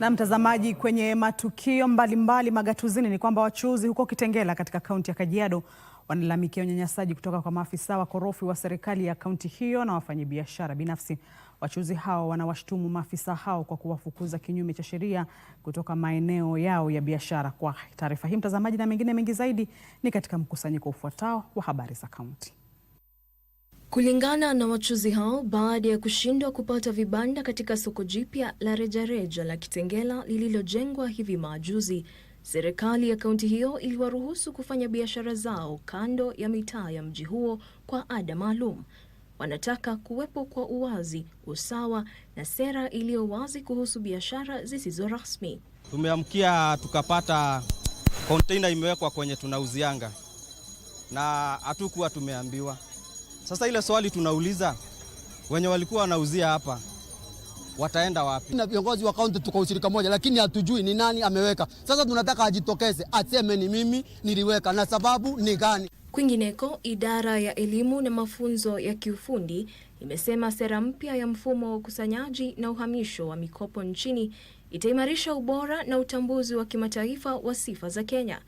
Na mtazamaji, kwenye matukio mbalimbali mbali magatuzini ni kwamba wachuuzi huko Kitengela katika kaunti ya Kajiado wanalalamikia unyanyasaji kutoka kwa maafisa wakorofi wa serikali ya kaunti hiyo na wafanyabiashara binafsi. Wachuuzi hao wanawashtumu maafisa hao kwa kuwafukuza kinyume cha sheria kutoka maeneo yao ya biashara. Kwa taarifa hii mtazamaji, na mengine mengi zaidi, ni katika mkusanyiko ufuatao wa habari za kaunti. Kulingana na wachuzi hao, baada ya kushindwa kupata vibanda katika soko jipya la rejareja la Kitengela lililojengwa hivi majuzi, serikali ya kaunti hiyo iliwaruhusu kufanya biashara zao kando ya mitaa ya mji huo kwa ada maalum. Wanataka kuwepo kwa uwazi, usawa na sera iliyo wazi kuhusu biashara zisizo rasmi. Tumeamkia tukapata konteina imewekwa kwenye tunauzianga na hatukuwa tumeambiwa sasa ile swali tunauliza wenye walikuwa wanauzia hapa wataenda wapi? Na viongozi wa kaunti tuko ushirika moja, lakini hatujui ni nani ameweka. Sasa tunataka ajitokeze aseme ni mimi niliweka na sababu ni gani. Kwingineko, idara ya elimu na mafunzo ya kiufundi imesema sera mpya ya mfumo wa ukusanyaji na uhamisho wa mikopo nchini itaimarisha ubora na utambuzi wa kimataifa wa sifa za Kenya.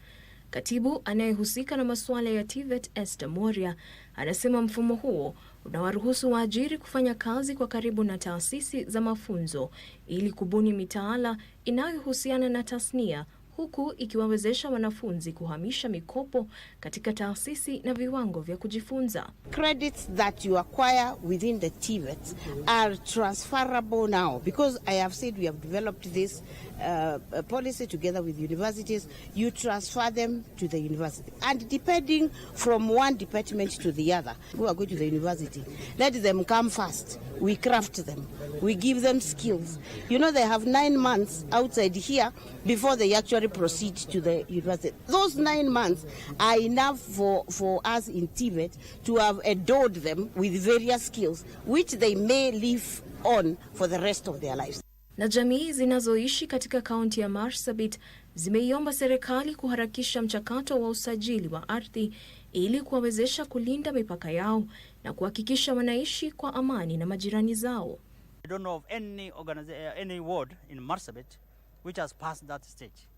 Katibu anayehusika na masuala ya TVET Esther Moria anasema mfumo huo unawaruhusu waajiri kufanya kazi kwa karibu na taasisi za mafunzo ili kubuni mitaala inayohusiana na tasnia huku ikiwawezesha wanafunzi kuhamisha mikopo katika taasisi na viwango vya kujifunza. Credits that you acquire within the TVET are transferable now because I have said we have developed this uh, policy together with universities. You transfer them to the university and depending from one department to the other who are going to the university let them come first we craft them we give them skills you know they have nine months outside here before they actually proceed to the university those nine months are enough for for us in Tibet to have adored them with various skills which they may live on for the rest of their lives na jamii zinazoishi katika kaunti ya Marsabit zimeiomba serikali kuharakisha mchakato wa usajili wa ardhi ili kuwawezesha kulinda mipaka yao na kuhakikisha wanaishi kwa amani na majirani zao. I don't know of any eh, any ward in Marsabit which has passed that stage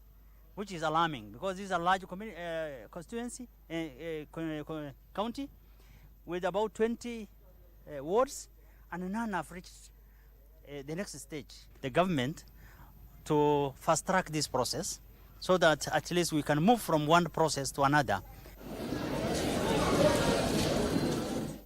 which is alarming because this is a large uh, constituency uh, uh, county with about 20 uh, wards and none have reached uh, the next stage. The government to fast track this process so that at least we can move from one process to another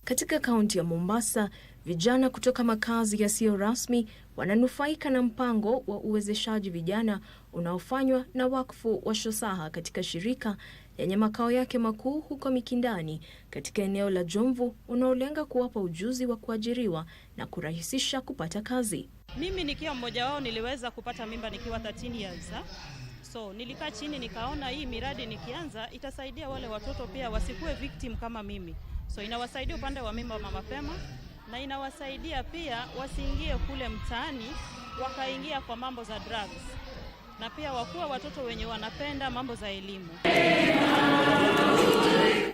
Katika kaunti ya Mombasa, vijana kutoka makazi yasiyo rasmi wananufaika na mpango wa uwezeshaji vijana unaofanywa na wakfu wa Shosaha katika shirika lenye makao yake makuu huko Mikindani katika eneo la Jomvu, unaolenga kuwapa ujuzi wa kuajiriwa na kurahisisha kupata kazi. Mimi nikiwa mmoja wao niliweza kupata mimba nikiwa 13 years. Ah. So nilikaa chini nikaona hii miradi nikianza itasaidia wale watoto pia wasikuwe victim kama mimi so inawasaidia upande wa mimba mama mapema, na inawasaidia pia wasiingie kule mtaani wakaingia kwa mambo za drugs, na pia wakuwa watoto wenye wanapenda mambo za elimu.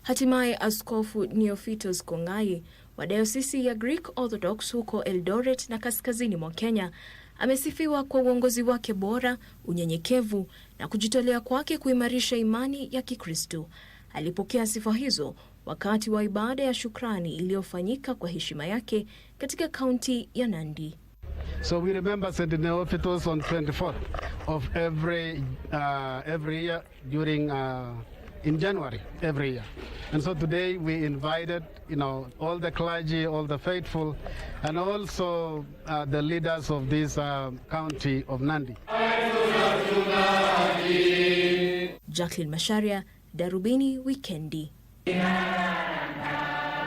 Hatimaye Askofu Neophytos Kongai wa dayosisi ya Greek Orthodox huko Eldoret na kaskazini mwa Kenya amesifiwa kwa uongozi wake bora, unyenyekevu na kujitolea kwake kuimarisha imani ya Kikristo. Alipokea sifa hizo wakati wa ibada ya shukrani iliyofanyika kwa heshima yake katika kaunti ya Nandi. So we remember St. Neophytos on 24th of every, uh, every year during, uh, in January every year. And so today we invited, you know, all the clergy, all the faithful, and also uh, the leaders of this uh, county of Nandi. Jacqueline Masharia, Darubini Wikendi.